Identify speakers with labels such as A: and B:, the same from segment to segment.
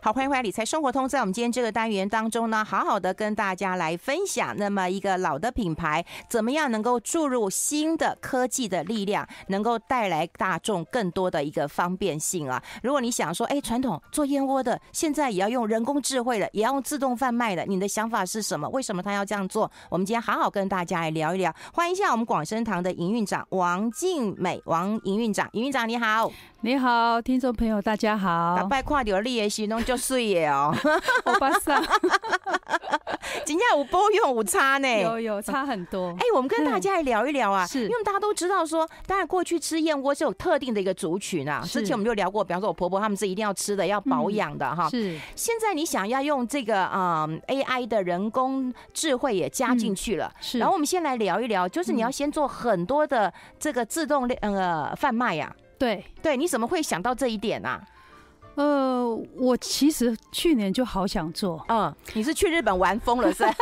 A: 好，歡迎回來，理財生活通。在我們今天這個單元當中呢，好好的跟大家來分享，那麼一個老的品牌，怎麼樣能夠注入新的科技的力量，能夠帶來大眾更多的一個方便性啊？如果你想說，哎、欸，傳統做燕窩的，現在也要用人工智慧了，也要用自動販賣了，你的想法是什麼？為什麼他要這樣做？我們今天好好跟大家來聊一聊。歡迎一下我們廣生堂的營運長王靜美，王營運長，營運長你好，你好，聽眾朋友大家好。就碎、哦、 耶哦，我巴塞。今天我播用午差呢，有
B: 有差很多。哎、
A: 欸，我們跟大家來聊一聊啊，嗯、是，因為大家都知道說，當然過去吃燕窩是有特定的一個族群啊。之前我們就聊過，比方說我婆婆他們是一定要吃的，要保養的哈、嗯。是。現在你想要用這個嗯 AI 的人工智慧也加進去了、嗯，是。然後我們先來聊一聊，就是你要先做很多的這個自動呃販賣呀、啊。對對，你怎麼會想到這一點呢、啊？
B: 呃，我其實去年就好想做，嗯，你是去日本玩瘋了是，是？哎、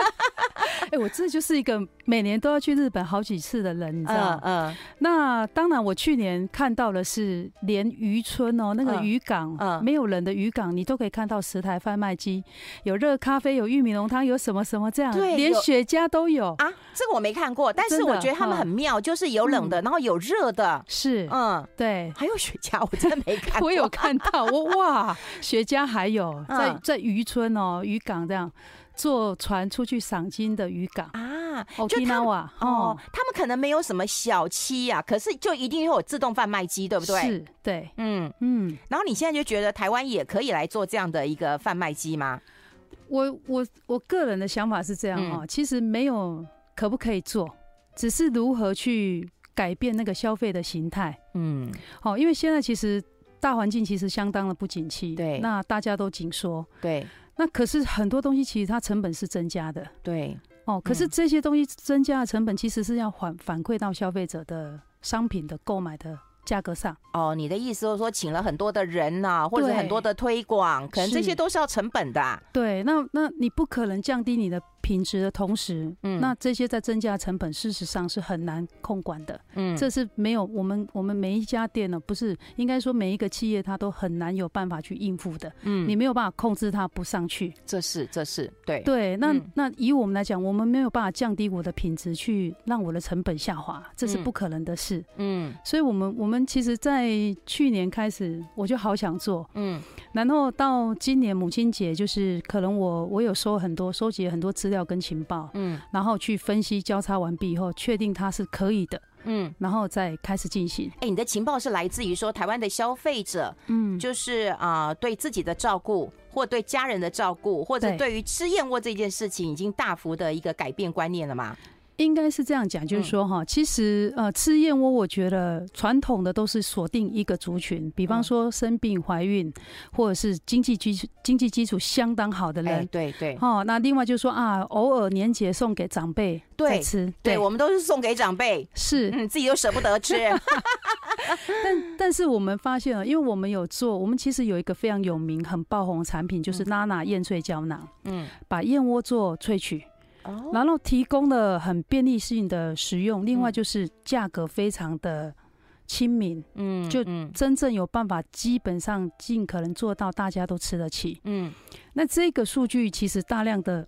B: 欸，我這就是一個每年都要去日本好幾次的人，你知道嗯，嗯，那當然，我去年看到的是連漁村哦、喔，那個漁港嗯，嗯，沒有人的漁港，你都可以看到十台販賣機，有熱咖啡，有玉米濃湯，有什麼什麼這樣，對。連雪茄都有，有啊！
A: 這個我沒看過，但是我覺得他們很妙，嗯、就是有冷的，嗯、然後有熱
B: 的，是，嗯，對，還有雪茄，我真的沒看過， 我有看到，我我。啊，學家茄還有在在漁村哦，漁港這樣坐船出去賞金的漁港啊，Okinawa 哦，他們可能沒有什麼小七啊、嗯，可是就一定會有自
A: 動販賣機，對不對？是，對，嗯嗯。然後你現在就覺得台灣也可以來做這樣的一個販賣機嗎？
B: 我我我個人的想法是這樣啊、哦嗯，其實沒有可不可以做，只是如何去改變那個消費的形態。嗯，哦，因為現在其實。大環境其實相當的不景氣，對，那大家都緊縮，對，那可是很多東西其實它成本是增加的，對，哦，嗯、可是這些東西增加的成本其實是要反反饋到消費者的商品的購買的價格上，
A: 哦，你的意思就是說請了很多的人呐、啊，或者很多的推廣，可能這些都是要成本的、啊，
B: 對，那那你不可能降低你的。品質的同時，嗯，那這些在增加成本，事實上是很難控管的，嗯，這是沒有我們我們每一家店呢，不是應該說每一個企業它都很難有辦法去應付的，嗯，你沒有辦法控制它不上去，這是這是對對，對嗯，那那以我們來講，我們沒有辦法降低我的品質去讓我的成本下滑，這是不可能的事，嗯，嗯所以我們我們其實在去年開始，我就好想做，嗯，然後到今年母親節，就是可能我我有收很多收集很多資料。要跟情報，嗯，然後去分析交叉完畢以後，確定它是可以的，嗯，然後再開始進行。哎，你的
A: 情報是來自於說台灣的消費者，就是，嗯，就是啊，對自己的照顧或對家人的照顧，或者對於吃燕窩這件事情已經大幅的一個改變觀念
B: 了嗎？應該是這樣講，就是說哈、嗯，其實呃，吃燕窩，我覺得傳統的都是鎖定一個族群，比方說生病、懷孕，或者是經濟基礎經濟基礎相當好的人。欸、對對。那另外就是說啊，偶爾年節送給長輩再吃對對。對，
A: 我們都是送給長輩。是、嗯，自己都捨不得吃。
B: 但但是我們發現了，因為我們有做，我們其實有一個非常有名、很爆紅的產品，就是娜娜燕翠膠囊。嗯，把燕窩做萃取。然後提供了很便利性的使用，另外就是價格非常的親民，嗯，就真正有辦法基本上盡可能做到大家都吃得起，嗯，那這個數據其實大量的，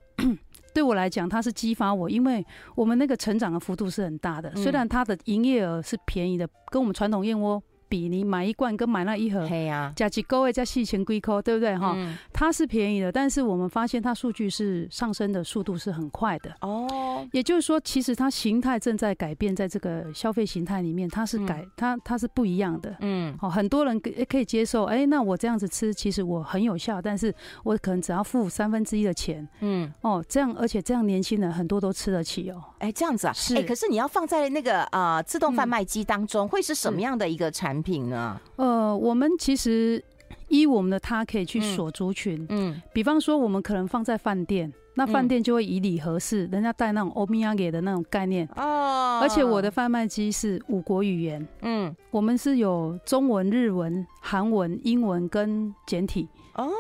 B: 對我來講它是激發我，因為我們那個成長的幅度是很大的，雖然它的營業額是便宜的，跟我們傳統燕窩。比你買一罐跟買那一盒，對呀、啊，加幾勾誒，加細錢歸扣，對不對哈、嗯？它是便宜的，但是我們發現它數據是上升的速度是很快的哦。也就是說，其實它形態正在改變，在這個消費形態裡面，它是改、嗯、它它是不一樣的。嗯。好，很多人可可以接受，哎、欸，那我這樣子吃，其實我很有效，但是我可能只要付三分之一的錢。嗯。哦，這樣而且這樣年輕人很多都吃得起哦。
A: 哎、欸，這樣子啊，是、欸。可是你要放在那個啊、呃、自動販賣機當中、嗯，會是什麼樣的一個產品？品呢？
B: 呃，我們其實依我們的，它可以去鎖族群，嗯，嗯，比方說我們可能放在飯店。那飯店就會以禮盒式、嗯，人家帶那種歐米亞給的那種概念哦、啊。而且我的販賣機是五國語言，嗯，我們是有中文、日文、韓文、英文跟簡體哦。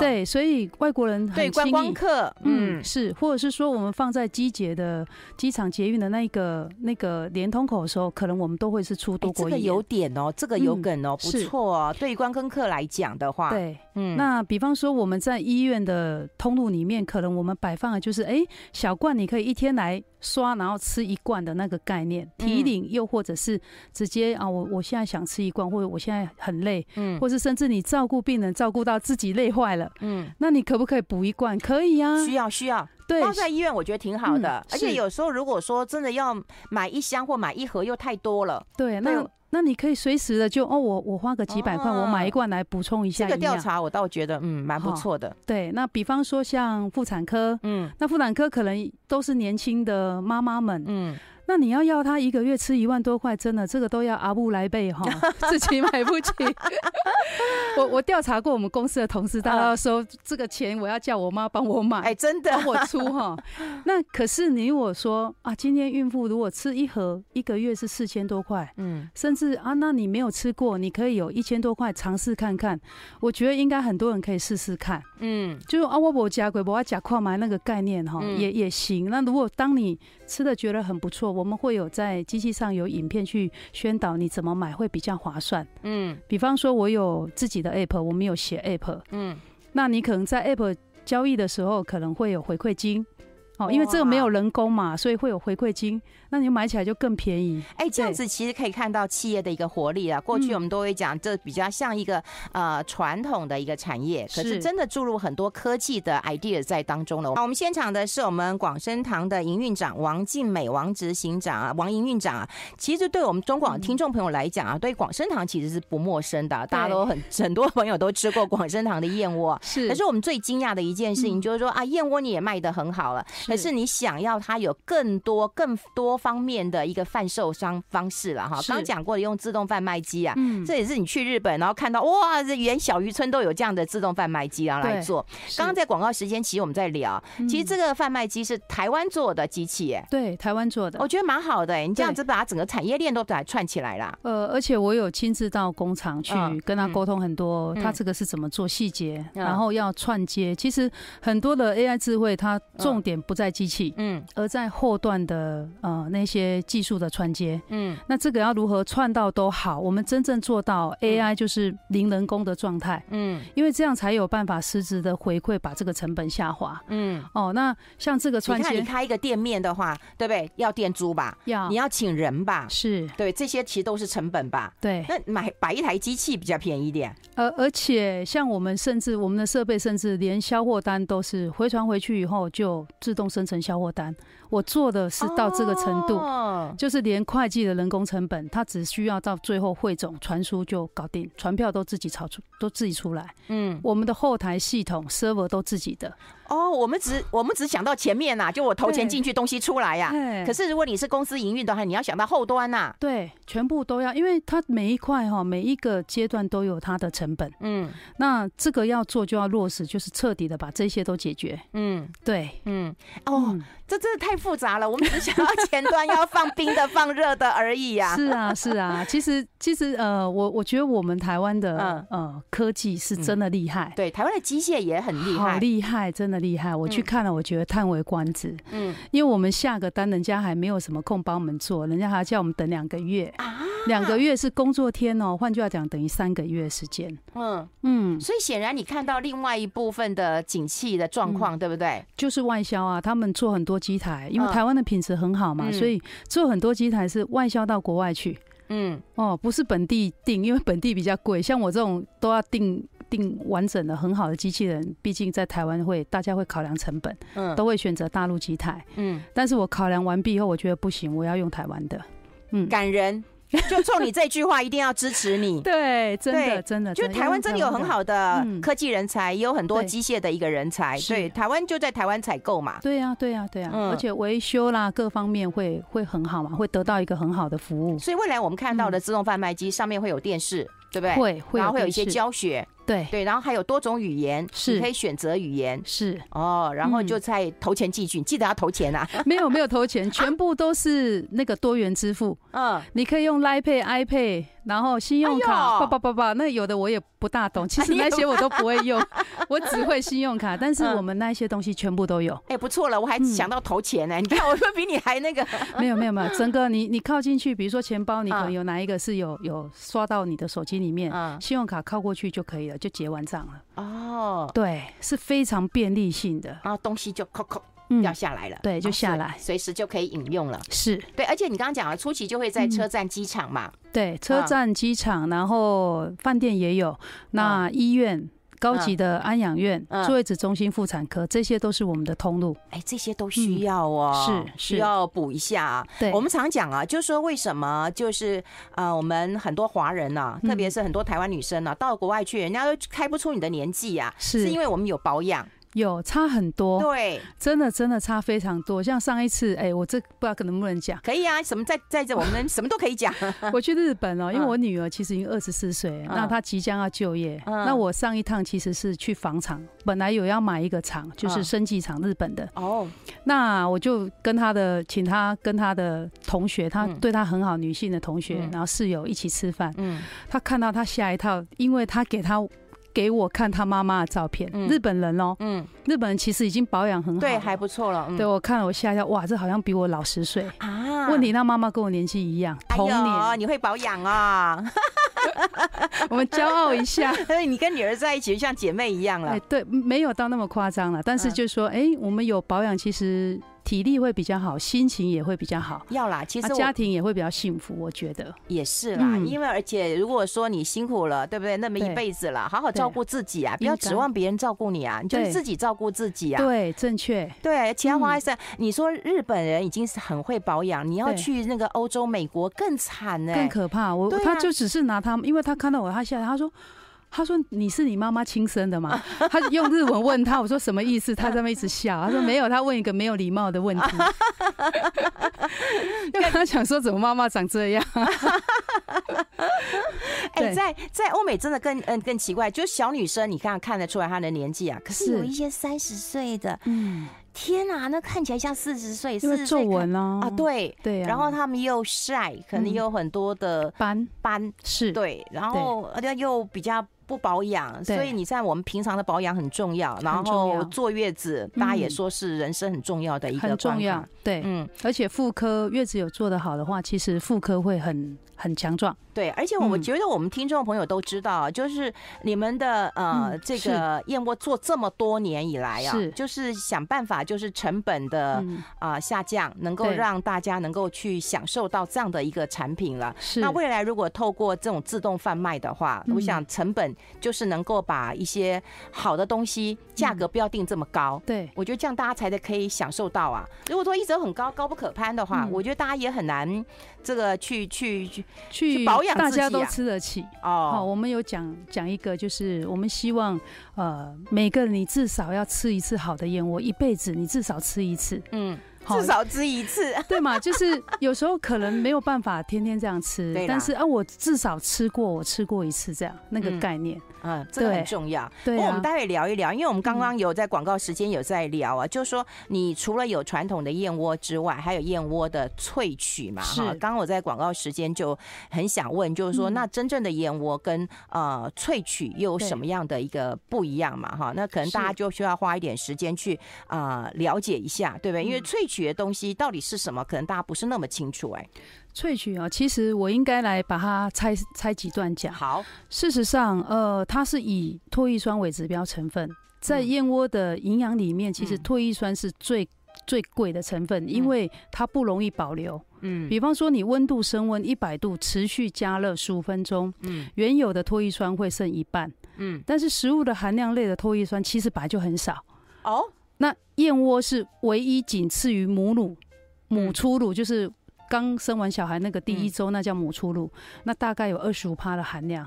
B: 對，所以外國人很歡迎對，觀光客嗯，嗯，是，或者是說我們放在機捷的機場捷運的那一個那個連通口的時候，可能我們都會是出多國語言。欸、這個有點哦、喔，這個有梗哦、喔嗯，不錯哦、喔。對觀光客來講的話，對，嗯，那比方說我們在醫院的通路裡面，可能我們把。擺放的就是哎，小罐你可以一天來刷，然後吃一罐的那個概念。提領又或者是直接啊，我我現在想吃一罐，或者我現在很累，嗯，或是甚至你照顧病人，照顧到自己累壞了，嗯，那你可不可以補一罐？可以啊，需要需要，對，放在醫院我覺得挺好的，嗯。而且有
A: 時候如果說真的要買一箱或買一盒又太多了，
B: 對，那。那你可以隨時的就哦，我我花個幾百塊，哦，我買一罐來補充一下營養。這個調查我倒覺得嗯蠻不錯的。哦。對，那比方說像婦產科，嗯，那婦產科可能都是年輕的媽媽們，嗯。那你要要他一個月吃一萬多塊，真的，這個都要阿母來背哈，自己買不起。 我我調查過我們公司的同事，大家都說這個錢我要叫我媽幫我買，哎、欸，真的幫、啊、我出哈。那可是你如果說啊，今天孕婦如果吃一盒，一個月是四千多塊，嗯，甚至啊，那你沒有吃過，你可以有一千多塊嘗試看看。我覺得應該很多人可以試試看，嗯就，就是阿布不加貴不加礦買那個概念哈，也也行。那如果當你吃的覺得很不錯。我們會有在機器上有影片，去宣導你怎麼買會比較划算。嗯，比方說我有自己的 app，我們有寫 app。嗯，那你可能在 app 交易的時候，可能會有回饋金。哦，因為這個沒有人工嘛，哦啊，所以會有回饋金。那你買起來就更便宜。
A: 哎，這樣子其實可以看到企業的一個活力啊。過去我們都會講，這比較像一個呃傳統的一個產業，可是真的注入很多科技的 idea 在當中了。我們現場的是我們廣生堂的營運長王靜美，王執行長啊，王營運長啊。其實對我們中廣聽眾朋友來講啊，對廣生堂其實是不陌生的，啊，大家都很很多朋友都吃過廣生堂的燕窩。是。可是我們最驚訝的一件事情就是說啊，燕窩你也賣得很好了，可是你想要它有更多更多方面的一個販售商方式了哈，剛講過的用自動販賣機啊，嗯，這也是你去日本然後看到哇，連小漁村都有這樣的自動販賣機啊來做。剛剛在廣告時間，其實我們在聊，嗯、其實這個販賣機是台灣做的機器。欸，對，台灣做的，我覺得蠻好的。欸，你這樣子把它整個產業鏈都給它串起來了。呃，
B: 而且我有親自到工廠去，嗯，跟他溝通很多，嗯，他這個是怎麼做細節、嗯，然後要串接。其實很多的 AI 智慧，它重點不在機器，嗯，而在後段的嗯。呃那些技術的串接，嗯，那這個要如何串到都好，我們真正做到 AI 就是零人工的狀態，嗯，因為這樣才有辦法實質的回饋，把這個成本下滑，
A: 嗯，
B: 哦，那像這個串接，你看你開
A: 一個店面的話，對不對？要店租吧，要，你要請人吧，是對，這些其實都是成本吧，對。那買擺一台機器比較便宜一點，
B: 而、呃、而且像我們甚至我們的設備，甚至連銷貨單都是回傳回去以後就自動生成銷貨單。我做的是到這個程度，哦、就是連會計的人工成本，他只需要到最後匯總傳輸就搞定，傳票都自己抄出，都自己出來。嗯，我們的後台系統 server 都自己的。
A: 哦，我們只、嗯、我們只想到前面吶、啊，就我投錢進去，東西出來呀、啊。對。可是如果你是公司營運的話，你要想到後端吶、啊。
B: 對，全部都要，因為它每一塊哈、哦，每一個階段都有它的成本。嗯。那這個要做就要落實，就是徹底的把這些都解決。嗯，對，嗯，哦，嗯、
A: 這真的太複雜了。我們只想到前端要放冰的、 放
B: 熱的而已啊。是啊，是啊。其實，其實，呃，我我覺得我們台灣的、嗯、呃科技是真的厲害、嗯。對，台灣的機械也很厲害。好厲害，真的。厲害！我去看了，我覺得嘆為觀止。嗯，因為我們下個單，人家還沒有什麼空幫我們做，人家還叫我們等兩個月。啊，兩個月是工作天哦。換句話講，等於三個月時間。
A: 嗯嗯，所以顯然你看到另外一部分
B: 的景氣的狀況、嗯，對不對？就是外銷啊，他們做很多機台，因為台灣的品質很好嘛、嗯，所以做很多機台是外銷到國外去。嗯哦，不是本地訂，因為本地比較貴，像我這種都要訂。定完整的很好的機器人，畢竟在台灣會大家會考量成本，嗯，都會選擇大陸機台，嗯，但是我考量完畢後，我覺得不行，我要用台灣的，
A: 嗯，感人， 就衝你這句話，一定要支持你，對，真的真的，就台灣真的有很好的科技人才，也、嗯、有很多機械的一個人才，所以台灣就在台灣採購嘛，
B: 對呀、啊，對呀、啊，對呀、啊啊嗯，而且維修啦各方面會會很好嘛，會得到一個很好的服務，所以未來我們看到的自動販賣機上面會
A: 有電視，嗯、對不對？會，會，然後會有一些教學。對對，然後還有多種語言，是，你可以選
B: 擇語言，是哦，然後就在投錢進去，嗯、你記得要投錢啊，沒有沒有投錢， 全部都是那個多元支付，嗯、啊，你可以用 LinePay、iPay。然後信用卡，不不不，那有的我也不大懂。其實那些我都不會用，哎、我只會信用卡。 但是我們那些東西全部都有，哎、嗯，欸，不錯了，我還想到投錢呢、嗯。你看，我會比你還那個。沒有沒有沒有，曾哥，整個你你靠進去，比如說錢包，你可能有哪一個是有、嗯、有刷到你的手機裡面、嗯，信用卡靠過去就可以了，就結完賬了。哦，對，是非常便利性的。然、哦、後東西就扣扣。要下來了，嗯，對，就下來，哦，隨時就可以
A: 飲用了。是對，而且你剛剛講了，初期就會在車站、機場嘛，嗯，
B: 對，車站、機場，嗯，然後飯店也有，那醫院，嗯，高級的安養院、坐月子中心、婦產科、嗯，這些都是我們的通路。哎，
A: 這些都需要哦，是，嗯，需要補一下，啊。對，我們常講啊，就是說為什麼就是呃，我們很多華人啊，嗯，特別是很多台灣女生啊，嗯，到國外去，人家都開不出你的年紀啊，是是因為我們有保
B: 養。有差很多，對，真的真的差非常多。像上一次，哎、欸，我這不知道能不能講，可以啊，什麼在在這，我們什麼都可以講。 我去日本哦、喔，因為我女兒其實已經二十四歲，那她即將要就業、嗯。那我上一趟其實是去訪廠、嗯，本來有要買一個廠，就是生技廠，日本的。哦、嗯，那我就跟他的，請他跟他的同學，他對他很好，女性的同學、嗯，然後室友一起吃飯。嗯，他看到他下一套，因為他給他。給我看他媽媽的照片，嗯、日本人哦，嗯，日本人其實已經保養很好，對，還不錯了。嗯、對，我看了我嚇一跳，哇，這好像比我老十歲啊！問題他媽媽跟我年紀一樣，同、啊、年、哎、你
A: 會保養啊、
B: 哦？ 我們驕傲一下，所、哎、以你跟女兒在一起就像姐妹一樣了。哎，對，沒有到那麼誇張了，但是就是說、嗯，哎，我們有保養，其實。體力會比較好，心情也會比較好。要啦，其實、啊、家庭也會比較幸福。我覺得也是啦、嗯，因
A: 為而且如果說你辛苦了，對不對？那麼一輩子了，好好照顧自己啊，不要指望別人照顧你啊，你就是自己
B: 照顧自己啊。對，
A: 正確。對，其他話還是你說日本人已經是很會保養，你要去那個歐洲、美國更慘呢、欸，更可怕。
B: 我對、啊、他就只是拿他，因為他看到我，他笑，他說。他說：“你是你媽媽親生的嗎？” 他用日文問他，我說：“什麼意思？”他這麼一直笑。他說：“沒有。”他問一個沒有禮貌的問題。就 跟他想說：“怎麼媽媽長這樣？”
A: 哎、 欸，在在歐美真的更嗯、呃、更奇怪，就小女生你看看得出來她的年紀啊，可是有一些三十歲的，嗯，天哪、啊，那看起來像四十歲，是為皺紋呢啊，對對、啊、然後他們又曬，可能有很多的斑斑，是、嗯、對，然後而且又比較。不保養，所以你在我們平常的保養很重要。然後坐月子，大家也說是人生很重要的一個。很重要，
B: 對，嗯。而且婦科月子有做得好的話，其實婦科會很很強壯。
A: 對，而且我們覺得我們聽眾朋友都知道，嗯、就是你們的呃、嗯、這個燕窩做這麼多年以來啊，就是想辦法就是成本的啊、嗯呃、下降，能夠讓大家能夠去享受到這樣的一個產品了。是那未來如果透過這種自動販賣的話，我想成本就是能夠把一些好的東西價格不要定這麼高。對、嗯，我覺得這樣大家才得可以享受到啊。如果說一直很高高不可攀的話、嗯，我覺得大家也很難這個去去去去保養。大家都吃得
B: 起哦，啊 oh. 好，我們有講講一個，就是我們希望，呃，每個你至少要吃一次好的燕窩，我一輩子你至少吃一次，嗯。至少吃一次，對嘛？ 就是有時候可能沒有辦法天天這樣吃，對，但是啊，我至少吃過，我吃過一次這樣那個概念，啊、嗯嗯，這個很重
A: 要。那我們待
B: 會聊一聊，啊、因為我們剛剛
A: 有在廣告時間有在聊啊，嗯、就是說，你除了有傳統的燕窩之外，還有燕窩的萃取嘛，哈。剛剛我在廣告時間就很想問，就是說、嗯，那真正的燕窩跟呃萃取又有什麼樣的一個不一樣嘛，哈？那可能大家就需要花一點時間去啊、呃、了解一下，對不對？嗯、因為萃取。學東西到底是什麼？可
B: 能大家不是那麼清楚，欸。哎，萃取啊，其實我應該來把它拆拆幾段講。好，事實上，呃，它是以唾液酸為指標成分，在燕窩的營養裡面，嗯，其實唾液酸是最，嗯，最貴的成分，因為它不容易保留。嗯，比方說你溫度升溫一百度，持續加熱十五分鐘，嗯，原有的唾液酸會剩一半。嗯，但是食物的含量類的唾液酸其實本來就很少。哦。那燕窩是唯一僅次於母乳，母初乳就是剛生完小孩那個第一周，那叫母初乳，那大概有二十五趴的含量，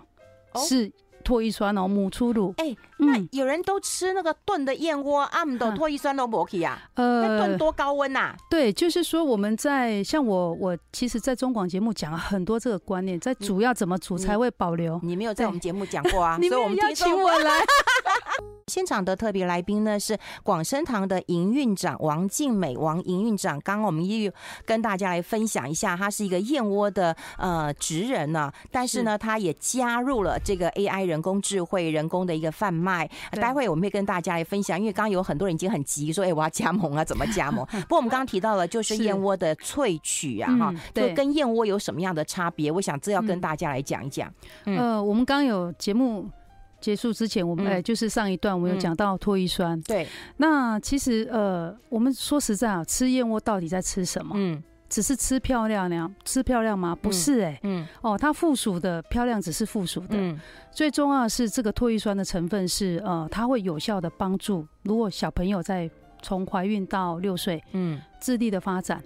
B: 是唾液酸哦、喔，母初乳。嗯、有人都吃那個燉
A: 的燕窩，阿姆的脫衣酸的不 o 啊？呃、啊，燉多高溫吶、啊？
B: 對，就是說我們在像我，我其實，在中廣節目講了很多這個觀念，在主要怎麼煮才會保留？嗯、你，你沒有在我們節目講過啊？我們要請我來？ 現場的特別來
A: 賓呢是廣生堂的營運長王靜美，王營運長，剛剛我們又跟大家來分享一下，他是一個燕窩的呃職人呢、啊，但是呢是，他也加入了這個 AI 人工智慧人工的一個販賣。待會我們會跟大家來分享，因為剛剛有很多人已經很急，說：“哎、欸，我要加盟啊，怎麼加盟？” 不過我們剛剛提到了就是燕窩的萃取啊，哈、嗯，就是、跟燕窩有什麼樣的差別？我想這要跟大家來講一講、
B: 嗯嗯。呃，我們剛有節目結束之前，我們、嗯欸、就是上一段我們有講到唾液酸，對、嗯。那其實呃，我們說實在啊，吃燕窩到底在吃什麼？嗯。只是吃漂亮呢？吃漂亮嗎？不是哎、欸嗯。嗯。哦，它附屬的漂亮只是附屬的。嗯、最重要的是這個唾液酸的成分是呃，它會有效的幫助。如果小朋友在從懷孕到六歲，嗯，智力的發展。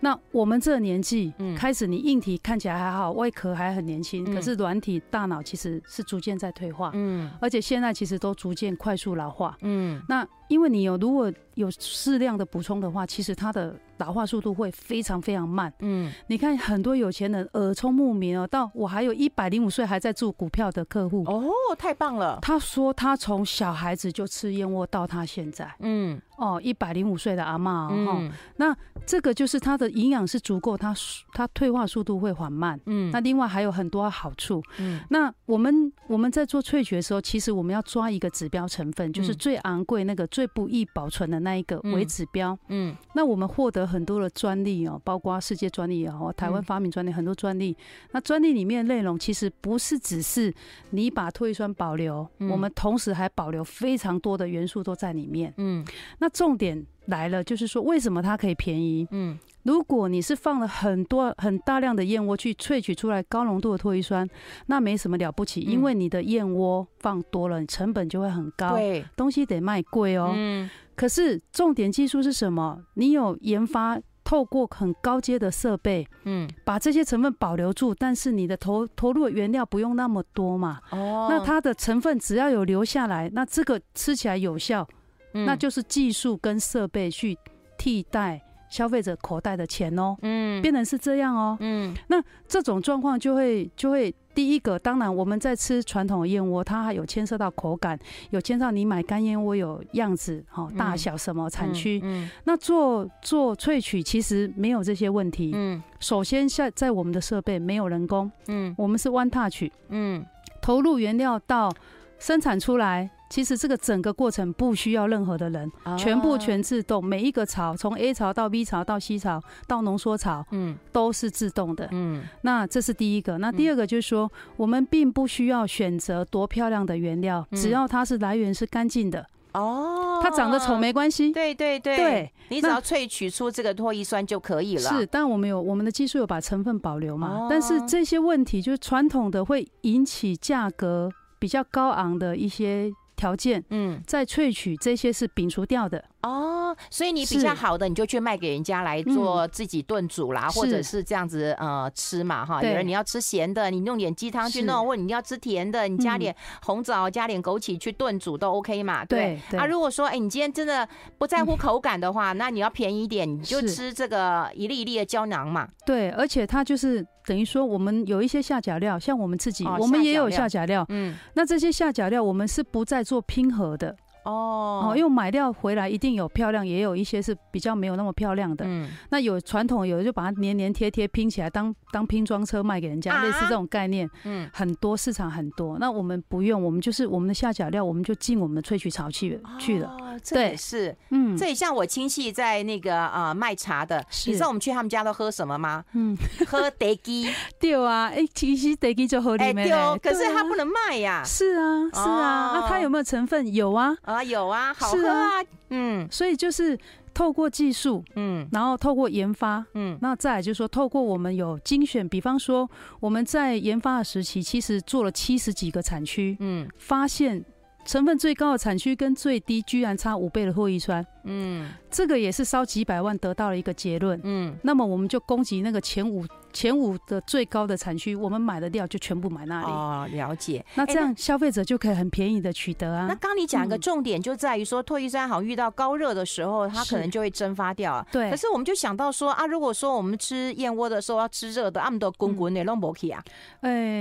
B: 那我們這個年紀、嗯、開始，你硬體看起來還好，外殼還很年輕、嗯，可是軟體大腦其實是逐漸在退化。嗯。而且現在其實都逐漸快速老化。嗯。那因為你有如果。有適量的補充的話，其實它的老化速度會非常非常慢。嗯，你看很多有錢人耳聰目明哦，到我還有一百零五歲還在做股票的客戶哦，太棒了！他說他從小孩子就吃燕窩到他現在，嗯，哦，一百零五歲的阿嬤哦，嗯，那這個就是他的營養是足夠，他他退化速度會緩慢。嗯，那另外還有很多好處。嗯，那我們我們在做萃取的時候，其實我們要抓一個指標成分，就是最昂貴那個最不易保存的。那一個為指標，嗯，嗯，那我們獲得很多的專利哦、喔，包括世界專利也、喔、好，台灣發明專利、嗯、很多專利。那專利裡面的內容其實不是只是你把唾液酸保留、嗯，我們同時還保留非常多的元素都在裡面，嗯。那重點來了，就是說為什麼它可以便宜？嗯，如果你是放了很多很大量的燕窩去萃取出來高濃度的唾液酸，那沒什麼了不起，嗯、因為你的燕窩放多了，你成本就會很高，對，東西得賣貴哦、喔。嗯可是，重點技術是什麼？你有研發透過很高階的設備，嗯，把這些成分保留住，但是你的投投入的原料不用那麼多嘛。哦，那它的成分只要有留下來，那這個吃起來有效，嗯、那就是技術跟設備去替代消費者口袋的錢哦、喔，嗯，變成是這樣哦、喔，嗯，那這種狀況就會就會。就會第一個，當然我們在吃傳統燕窩，它還有牽涉到口感，有牽涉到你買乾燕窩有樣子，哦，大小什麼產區，嗯嗯嗯。那做做萃取其實沒有這些問題。嗯，首先在我們的設備沒有人工。嗯，我們是 One Touch。嗯，投入原料到生產出來。其實這個整個過程不需要任何的人，哦、全部全自動，每一個槽從 A 槽到 B 槽到 C 槽到濃縮槽，嗯，都是自動的，嗯。那這是第一個，那第二個就是說，嗯、我們並不需要選擇多漂亮的原料，嗯，只要它是來源是乾淨的
A: 哦，它長得醜沒
B: 關係，哦，對對對，對，你只要
A: 萃取出這個唾液酸就可以了。是，
B: 但我們有我們的技術有把成分保留嘛，哦、但是這些問題就是傳統的會引起價格比較高昂的一些。條件，嗯，再萃取這些是摒除掉的
A: 哦，所以你比較好的，你就去賣給人家來做自己燉煮啦、嗯，或者是這樣子呃吃嘛哈。有人你要吃鹹的，你弄點雞湯去弄，或者你要吃甜的，你加點紅棗、嗯、加點枸杞去燉煮都 OK 嘛對對，對。啊，如果說哎、欸，你今天真的不在乎口感的話、嗯，那你要便宜一點，你就吃這個一粒一粒的膠囊嘛。
B: 對，而且它就是。等於說，我們有一些下腳料，像我們自己，哦、我們也有下腳料。嗯，那這些下腳料，我們是不再做拼合的。哦哦，因為買料回來一定有漂亮，也有一些是比較沒有那麼漂亮的。嗯。那有傳統有的就把它粘粘貼貼拼起來當當拼裝車賣給人家，啊，類似這種概念。嗯。很多市場很多，那我們不用，我們就是我們的下腳料，我們就進我們的萃取槽去去了。哦、對，是。
A: 嗯。這也像我親戚在那個呃賣茶的是，你知道我們去他們家都喝什麼嗎？嗯，喝袋基、 啊欸欸哦。對啊，
B: 哎，其實袋基就喝你面嘞。哎，可是它不
A: 能賣呀，啊。是
B: 啊，是啊，那，哦、它，啊、有沒有成分？有啊。啊，有啊，好喝啊，是啊，嗯，所以就是透過技術，嗯，然後透過研發，嗯，那再來就是說，透過我們有精選，比方說我們在研發的時期，其實做了七十幾個產區，嗯，發現成分最高的產區跟最低居然差五倍的唾液酸。嗯，這個也是燒幾百萬得到了一個結論，嗯，那麼我們就攻擊那個前五。前五的最高的產區，我們買的掉就全部買那裡哦。了解，那這樣消費者就可以很便宜的取得啊。欸、那剛、嗯、你講一個重點就在於說，唾液
A: 酸好像遇到高熱的時候，它可能就會蒸發掉啊。對。可是我們就想到說啊，如果說我們吃燕窩的時候要吃熱的，那麼多滾滾的弄不起啊。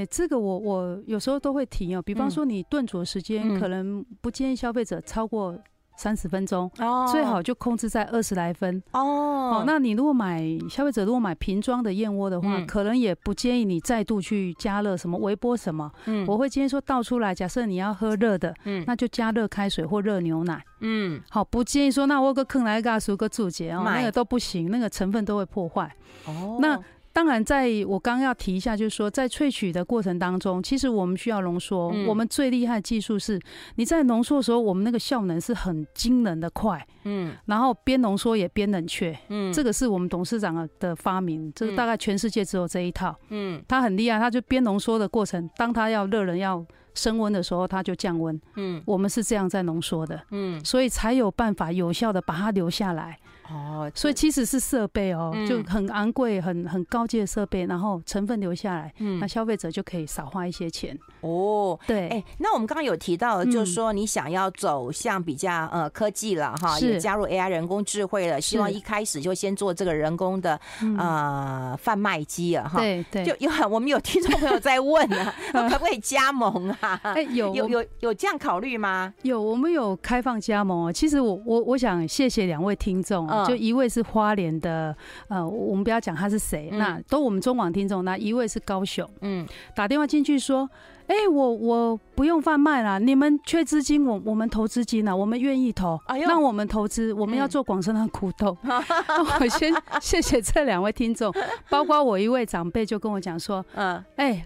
B: 這個我我有時候都會提醒、哦，比方說你燉煮的時間、嗯，可能不建議消費者超過。三十分鐘，oh. 最好就控制在二十來分。Oh. 哦，那你如果買消費者如果買瓶裝的燕窩的話、嗯，可能也不建議你再度去加熱，什麼微波什麼。嗯，我會建議說倒出來，假設你要喝熱的，嗯，那就加熱開水或熱牛奶。嗯，好，不建議說那我個坑來個煮個煮解哦，My. 那個都不行，那個成分都會破壞。哦、oh.，那。當然，在我剛要提一下，就是說，在萃取的過程當中，其實我們需要濃縮。我們最厲害的技術是，你在濃縮的時候，我們那個效能是很驚人的快。嗯。然後邊濃縮也邊冷卻。嗯。這個是我們董事長的發明，這個大概全世界只有這一套。嗯。它很厲害，它就邊濃縮的過程，當它要熱的要升溫的時候，它就降溫。嗯。我們是這樣在濃縮的。嗯。所以才有辦法有效的把它留下來。哦，所以其實是設備哦、嗯，就很昂貴、很很高階的設備，然後成分留下來，嗯、那消費者就可以少花一些錢。哦，對，哎、欸，
A: 那我們剛剛有提到，就是說你想要走向比較、嗯、呃科技了哈，也加入 AI 人工智慧了，希望一開始就先做這個人工的呃、
B: 販賣機了
A: 哈。對對，就有我們有聽眾朋友在問啊， 可不可以加盟啊？哎、呃，有有有有這樣考慮嗎？
B: 有，我們有開放加盟哦。其實我我我想謝謝兩位聽眾啊。呃就一位是花蓮的，uh, 呃，我們不要講他是誰、嗯，那都我們中廣聽眾。那一位是高雄，嗯，打電話進去說，哎、欸，我我不用販賣了，你們缺資金，我們我們投資金了，我們願意投、哎呦，那我們投資，我們要做廣深的股東。嗯、那我先謝謝這兩位聽眾， 包括我一位長輩就跟我講說，嗯、uh. 欸，哎。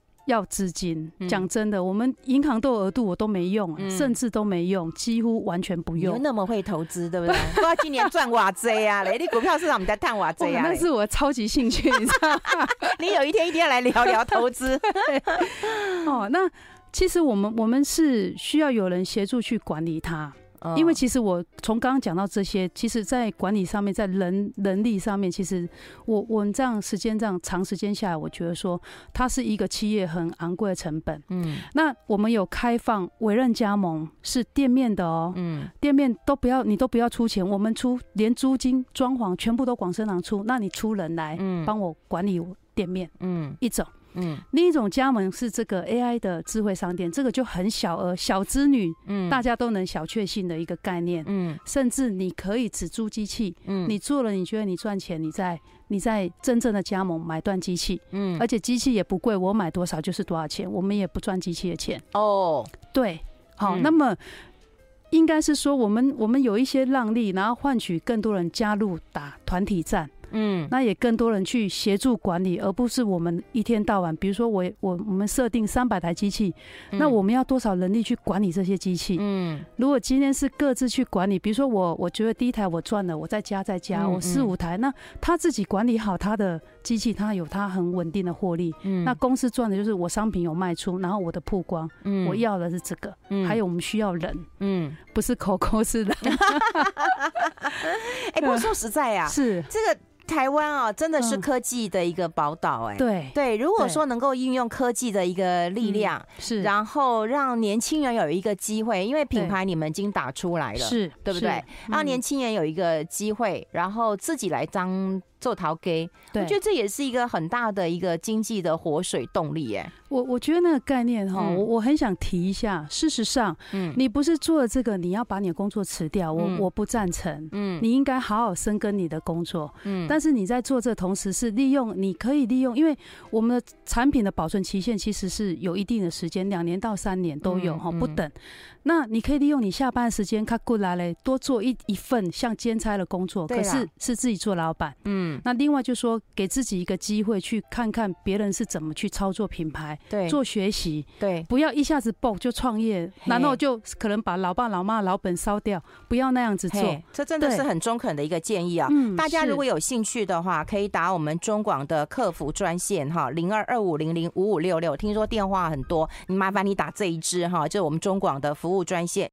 B: 要資金，講、嗯、真的，我們銀行都有額度，我都沒用、嗯，甚至都沒用，幾乎完全不用。你那麼會投資，對不對？
A: 哇， 今年賺瓦賊啊！你股票市場、啊，我們在探瓦賊啊！那是
B: 我超級興趣，你知道嗎？
A: 你有一天一定要來聊聊投資 。
B: 對，哦，那其實我們我們是需要有人協助去管理它。因為其實我從剛剛講到這些，其實在管理上面，在人人力上面，其實我我們這樣時間這樣長時間下來，我覺得說它是一個企業很昂貴的成本。嗯，那我們有開放委任加盟，是店面的哦。嗯，店面都不要，你都不要出錢，嗯、我們出連租金、裝潢全部都廣生堂出，那你出人來、嗯、幫我管理我店面。嗯，一種。嗯，另一種加盟是這個 AI 的智慧商店，這個就很小額，小資女，嗯，大家都能小確幸的一個概念，嗯，甚至你可以只租機器，嗯，你做了你覺得你賺錢，你在你在真正的加盟買斷機器，嗯，而且機器也不貴，我買多少就是多少錢，我們也不賺機器的錢
A: 哦，
B: 對，好，嗯，哦，那麼應該是說我們我們有一些讓利，然後換取更多人加入打團體戰。嗯，那也更多人去協助管理，而不是我們一天到晚。比如說我，我我我們設定三百台機器，嗯，那我們要多少人力去管理這些機器？嗯，如果今天是各自去管理，比如說我，我覺得第一台我賺了，我再加再加，嗯，我四五台，嗯，那他自己管理好他的機器，他有他很穩定的獲利。嗯，那公司賺的就是我商品有賣出，然後我的曝光，嗯，我要的是這個，嗯，還有我們需要人，嗯，不是口口式的、 欸。哎，我說實在呀、啊呃，是
A: 這個。台灣啊、喔，真的是科技的一個寶島、欸，哎、嗯，對對。如果說能夠運用科技的一個力量，嗯、是，然後讓年輕人有一個機會，因為品牌你們已經打出來了，是對，對不對？嗯、讓年輕人有一個機會，然後自己來當。做陶給，我覺得這也是一個很大的一個經濟的活水動力、欸。
B: 我我覺得那個概念哈、嗯，我我很想提一下。事實上，嗯，你不是做了這個，你要把你的工作辭掉，我、嗯、我不贊成。嗯，你應該好好深耕你的工作。嗯，但是你在做這同時是利用，你可以利用，因為我們的產品的保存期限其實是有一定的時間，兩年到三年都有哈、嗯，不等、嗯。那你可以利用你下班的時間，他過來嘞，多做一一份像兼差的工作，啊、可是是自己做老板，嗯。那另外就說，給自己一個機會去看看別人是怎麼去操作品牌，對，做學習，對，不要一下子爆就創業，然後就可能把老爸老媽老本燒掉，不要那樣子做，這真的是很中肯
A: 的一個建議啊。嗯，大家如果有興趣的話，可以打我們中廣的客服專線哈，零二二五零零五五六六，聽說電話很多，你麻煩你打這一支哈，就是我們中廣的服務專線。